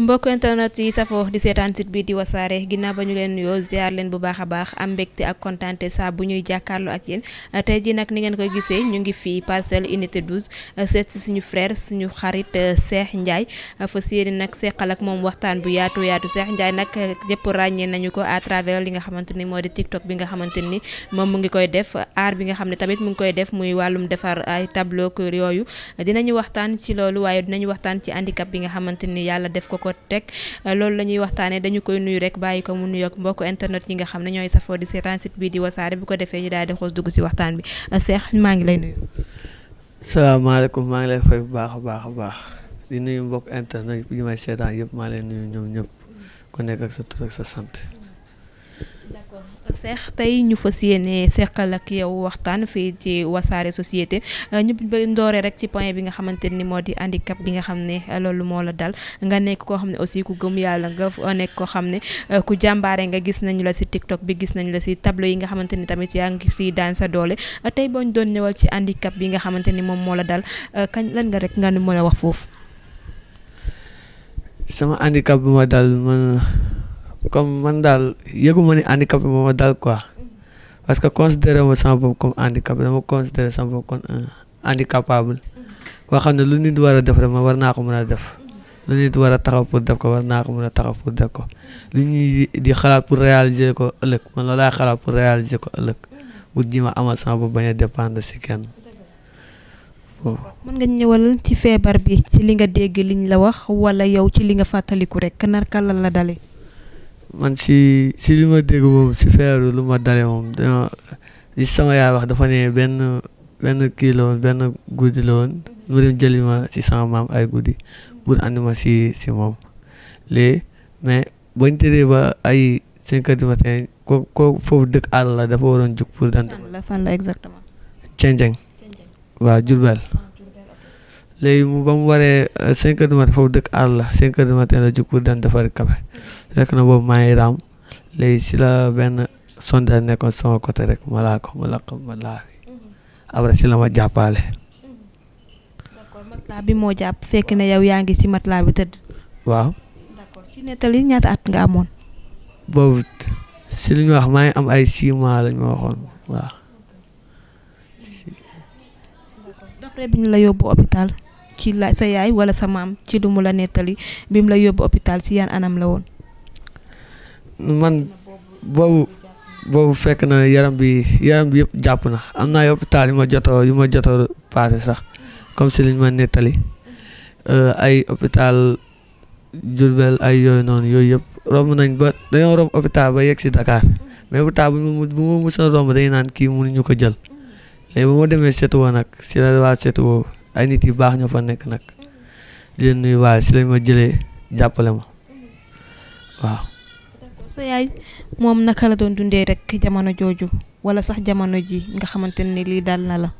mbokk internet yi safoo di seetaan site bi di wasaare ginnaaw ba ñu leen nuyoo ziar leen bu baax a baax am mbégte ak kontaante saa bu ñuy jàkkaarloo ak yéen tey ji nag ni ngeen koy gisee ñu ngi fii parcelle unité 12 seet si suñu frère suñu xarit Cheikh Ndiaye fa yéene nag seqal ak moom waxtaan bu yaatu yaatu seex Ndiaye nag ñëpp ràññee nañu ko à travers li nga xamante ni moo di TikTok bi nga xamante ni moom mu ngi koy def aar bi nga xam ne tamit mu ngi koy def muy wàllum defar ay tableau yooyu dinañu waxtaan ci loolu waaye dinañu waxtaan ci handicap bi nga xamante ni yàlla def ko ko teg euh, loolu la ñuy waxtaanee dañu koy nuyu rek bàyyi ko mu ak mbokk internet yi nga xam ne ñooy safoo di seetaan site bii di wasaare bu ko defee ñu daal di xoos dugg si waxtaan bi euh, Cheikh maa ngi lay nuyu. salaamaaleykum maa ngi lay fay bu baax a baax a baax di nuyu mbokk internet yi may seetaan yëpp maa ngi lay nuyu ñoom ñëpp ku nekk ak sa tur ak sa sant. Cheikh tey ñu fas yéene seqal ak yow waxtaan fii ci wasaare société euh, ñu ndooree rek ci point bi nga xamante ni moo di handicap bi nga xam ne euh, loolu moo la dal nga nekk koo xam ne aussi ku gëm yàlla nga euh, nekk koo xam ne ku jàmbaare nga gis nañu la si TikTok bi gis nañu la si tableau yi nga xamante ni tamit yaa ngi si daan sa doole tey boo ñu doon ñëwal ci handicap bi nga xamante ni moom moo la dal kañ lan nga rek nga mën a wax foofu. comme man daal yëguma ni handicapé moo ma dal quoi parce que considéré ma sama bopp comme handicapé dama considéré sama bopp comme koo xam ne lu nit war a def rek war naa ko mën a def lu nit war a taxaw pour def ko war naa ko mën a taxaw pour def ko lu ñuy di xalaat pour réaliser ko ëllëg man loolaay xalaat pour réaliser ko ëllëg mu jima amal sama bopp bañ a si kenn. mën nga ñëwal ci feebar bi ci li nga dégg liñ la wax wala yow ci li nga fàttaliku rek narka la la dalee. man si si li ma dégg moom si feeru lu ma moom dama li yaay wax dafa ne benn benn kii la benn guddi lawoon woon mu dem jëli si sama maam ay guddi pour andi ma si moom léegi mais bañ tëree ba ay cinq heures du matin ko ko dëkk àll la dafa waroon jug pour. dand fan la exactement. Cenjeng Jurbel léegi mu ba mu waree euh, cinq heures du foofu dëkk aar la cinq heures du matin la jukkur defar café fekk na boobu maa raam léegi si la benn sondeel nekkoon sama côté rek ma laa ko ma laa ko ma laa mhm. après si la ma jàppaale. Mhm. bi moo jàpp fekk na yow yaa ngi si matelas bi tëdd. waaw. d'accord nettali ñaata at nga amoon. boobu si li ñu wax maa ngi am ay six lañu lañ waxoon waaw. d'après ci la sa yaay wala sa maam ci lu la nettali bi mu la yóbbu hôpital si yan anam la woon. man boobu boobu fekk na yaram bi yaram bi yëpp jàpp na am na ay yu ma jotoo yu ma jotoo passé sax comme si liñ ma nettali euh, ay hôpital Diourbel ay yooyu noonu yooyu yëpp romb nañ ba dañoo romb hôpital ba yegg si Dakar mais hôpital bu ma bu ma musoon romb dañu naan kii mënuñu ko jël léegi ba ma demee seetuwoo nag si la waa seetuwoo ay nit yu baax ñoo fa nekk nag di leen waaye si lañ jëlee jàppale ma waaw. sa yaay moom naka la doon dundee rek jamono jooju wala sax jamono ji nga xamante ne lii daal na la.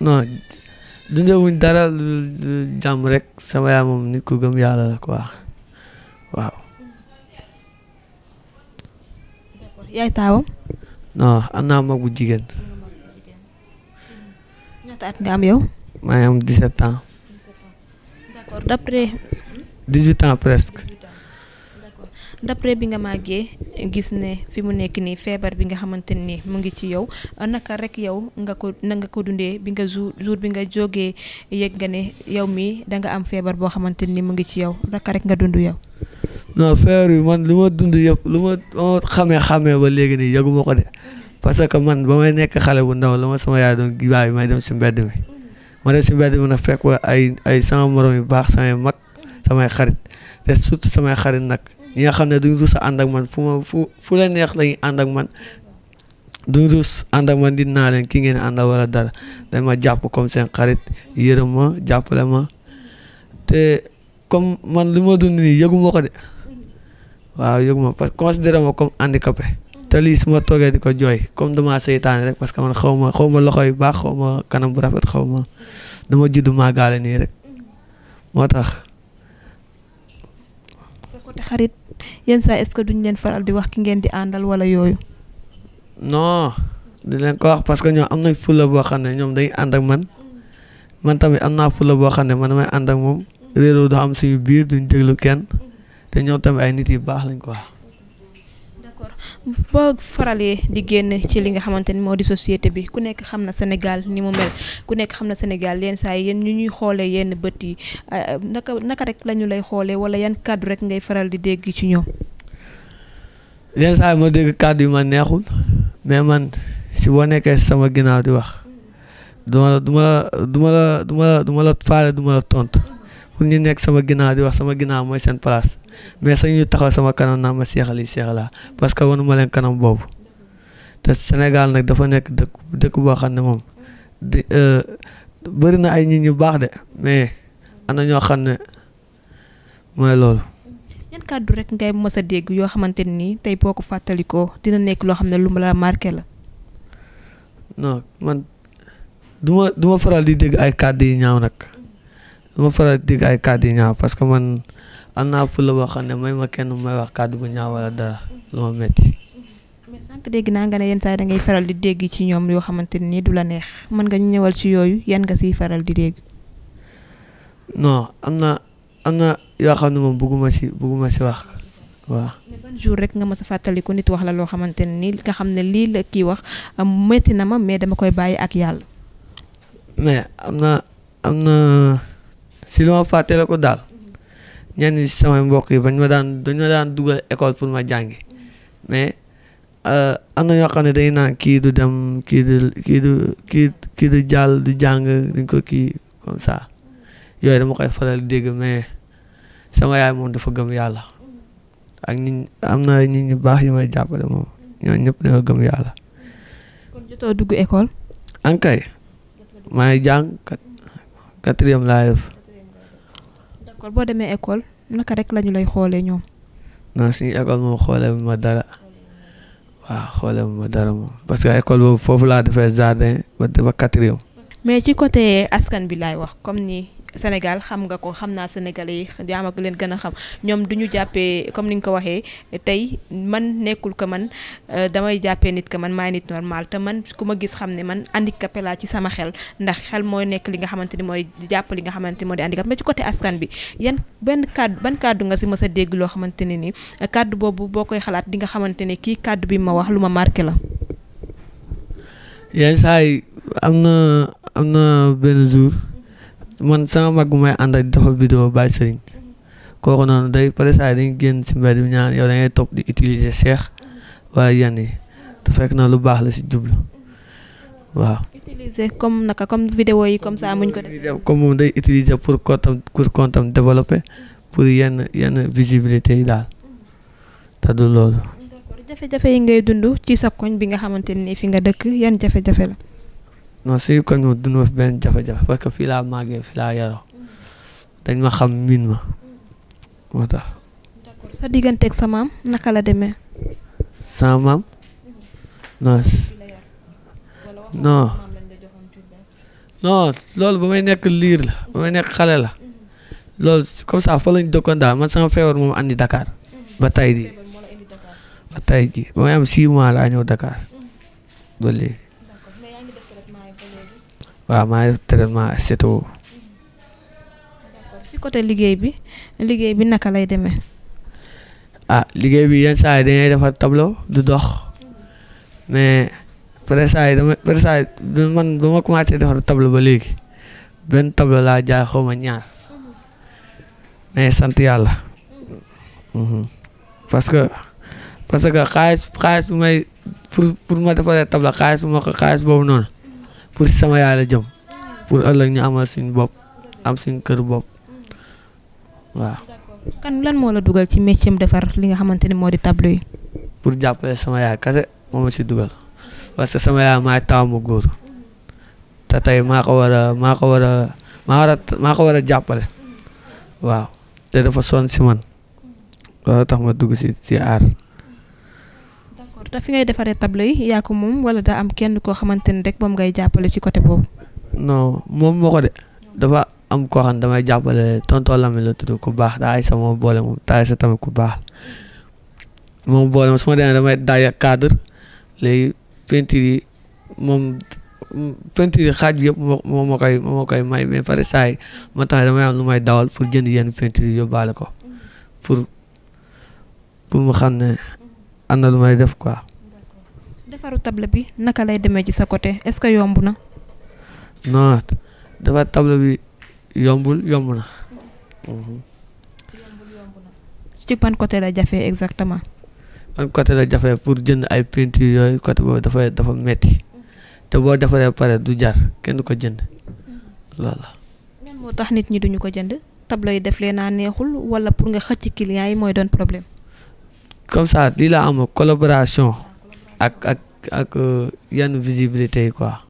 non dundewuñ dara lu jàmm rek sama yaay moom nit ku yàlla la quoi waaw. yaay taawam. non am naa mag bu jigéen. ñaata nga am yow. maa ngi am 17 ans. ans d'accord presque. d'après bi nga màggee gis ne fi mu nekk nii feebar bi nga xamante ni mu ngi ci yow naka rek yow nga ko na ko dundee bi nga jour bi nga jógee yëg nga ne yow mii danga am feebar boo xamante ni mu ngi ci yow naka rek nga dund yow. non feebar bi man lu ma dund yëpp lu ma xamee xamee ba léegi nii yëgu ko de. parce que man ba may nekk xale bu ndaw la ma sama yaay doon bàyyi may dem si mbedd mi ma dem si mbedd mi nag fekk ay ay sama morom yu baax samay mag samay xarit te surtout samay xarit nag ñi nga xam ne duñ rus ànd ak fu ma fu neex lañuy ànd ak man di naa leen ki ngeen ànd wala dara dañ ma jàpp comme seen xarit yërëm ma jàppale ma te comme man li ma dund nii yëgu ma ko de waaw yëgu ma parce que considéré ma comme te lii su ma toogee di ko jooy comme damaa seytaane rek parce que man xaw ma xaw ma loxo yu baax xaw ma kanam bu rafet xaw ma dama judd màggaale nii rek moo tax. sa côté xarit est-ce que duñ leen faral di wax ki ngeen di àndal wala yooyu. non leen ko wax parce que ñoom am nañ fulla boo xam ne ñoom dañuy ànd ak man man tamit am naa fulla boo xam ne man damay ànd ak moom réeroo du am suñu biir duñ déglu kenn te ñoom tamit ay nit yu baax lañ ko wax ba faralee di génn ci li nga xamante ni moo di société bi ku nekk xam na Sénégal ni mu mel ku nekk xam na Sénégal yenn saa yi yéen ñu ñuy xoolee yenn bët yi euh, naka naka rek lañu lay xoolee wala yan kàddu rek ngay faral di dégg ci ñoom. yenn saa yi ma dégg kàddu yi ma neexul mais man si boo nekkee sama ginnaaw di wax duma duma la duma la duma la duma la faale duma la tontu. pour ñu nekk sama ginaar di wax sama ginnaaw mooy seen place mais sax taxaw sama kanam naa ma seexal yi seexalaa parce que wanu ma leen kanam boobu te Sénégal nag dafa nekk dëkk dëkk boo xam ne moom di euh, bëri na ay nit ñu baax de mais ana ñoo xam ne mooy loolu. yan kàddu rek ngay mës a dégg yoo xamante nii tey boo ko fàttalikoo dina nekk loo xam ne lu ma laa marqué la. non man du faral di dégg ay kàddu yu ñaaw nag. du ma faral di ay kàddu yu ñaaw parce que man am naa fulla boo xam ne may ma kenn may wax kàddu bu ñaaw wala dara lu ma metti mais dégg naa nga ne saa da ngay faral di dégg ci ñoom yoo xamante ni du la neex mën ñëwal ci yooyu yan nga siy faral di dégg. non am na yoo xam ne moom bëgguma si bëgguma si wax waaw. mais ban jour rek nga ma a fàttaliku nit wax la loo xamante nii nga xam ne lii la kiy wax metti na ma mais dama koy bàyyi ak yàlla. mais am na am na. si lu ma fàttee la ko daal ñenn sama samay mbokk yi bañ ma daan dañ ma dugal école pour ma jàngi mais euh, am na xam ne dañ naan kii du dem kii du kii kii kii jàll du jàng duñ ko kii comme ça faral dégg sama yaay moom dafa gëm yàlla ak ñi am na ñi ñu baax ñu may jàppale moom ñoo ñëpp dañoo gëm yàlla. kon jotoo maa jàng quatrième laa def école boo demee école naka rek lañu lay xoolee ñoom. non si école moom xoolee bu ma dara waaw xoolee bu ma dara moom parce que école boobu foofu laa defee jardin ba ba quatrième. mais ci côté askan bi laay wax comme ni Sénégal xam nga ko xam naa sénégalais yi jaam leen gën a xam ñoom du ñu jàppee comme ni nga ko waxee tey man nekkul ko man euh, damay jàppee nit que man maay nit normal te man ku ma gis xam ne man handicapé laa ci sama xel ndax xel mooy nekk li nga xamante ni mooy jàpp li nga xamante ni moo di handicapé mais ci côté askan bi yan benn kàdd ban kàddu nga si mës a dégg loo xamante ne ni kàddu boobu boo koy xalaat di nga xamante ne kii kàddu bi ma wax lu ma marqué la. yenn saa yi am man sama mag bu may ànd ak di defal vidéo Baye kooku noonu day pare saa yi dañuy génn si mbedd bi ñaan yow da topp di utiliser Cheikh waaye yan yi te fekk naa lu baax la si jublu waaw. utiliser comme naka comme vidéo yi comme ça muñ ko def. comme moom day utiliser pour comptam pour comptam développer pour yenn yenn visibilité yi daal te du loolu. jafe-jafe yi ngay dund ci sa koñ bi nga xamante ni fi nga dëkk yan jafe-jafe la. non suñu koñ moom dund ma fi benn jafe-jafe parce fii laa màggee fii laa yaroo dañ ma xam miin ma moo tax. sa digganteeg sa maam naka la deme sa maam non loolu ba may nekk liir la ba may nekk xale la mm. loolu comme ça fa lañ dëkkoon daal man sama feebar moom andi Dakar mm. ba tay jii ba tay ba may am 6 mois laa ñëw Dakar mm. ba léegi. waaw maa ngi traitement c'est tout. ci côté liggéey bi liggéey bi naka lay demee. ah liggéey bi yenn saa yi dañuy defar tableau du dox mais après saa yi dama après saa man ba ma commencé defar tableau ba léegi benn tableau laa jaay xaw ma ñaar mais sant yàlla mhm. parce que parce que xaalis xaalis bu may pour pour ma defaree tableau xaalis bu ma ko xaalis boobu noonu. pour sama yaay la jëm pour ëllëg ñu amal suñu bopp am suñu kër bopp waaw. kan lan moo la dugal ci métier defar li nga xamante ni moo di tableau pour jàppale sama yaay kase moo si dugal parce que sama yaay maay taaw góor te tey maa ko war a maa ko war a maa war a ko war jàppale waaw te dafa sonn si man loolu tax ma dugg si si aar. te fi ngay defaree tableau yi yaa ko moom wala daa am kenn koo xamante ni rek moom ngay jàppale ci côté boobu. non moom moo ko de dafa am koo xam damay jàppale tonton Lamine la tudd ku baax daa ay sa moom boole moom daa ay sa tamit ku baax moom boole moom su ma demee damay may mais pare saa yi ma tax damay am lu may dawal pour jënd yenn peinture yi yóbbaale ko pour mu xam ne am na lu may def quoi. defaru table bi naka lay demee ci sa côté est-ce que yomb na. non defar table bi yombul yomb na. Mhm. yombul yomb ci ban côté la jafe exactement. ban côté la jafe pour jënd ay peinture yooyu côté boobu dafay dafa metti te boo defaree pare du jar kenn du ko jënd mhm. loolu lan moo tax nit ñi duñu ko jënd tableau yi def leen naa neexul wala pour nga xëcc client yi mooy doon problème. comme ça lii laa am collaboration ak ak ak euh, yenn visibilité yi quoi.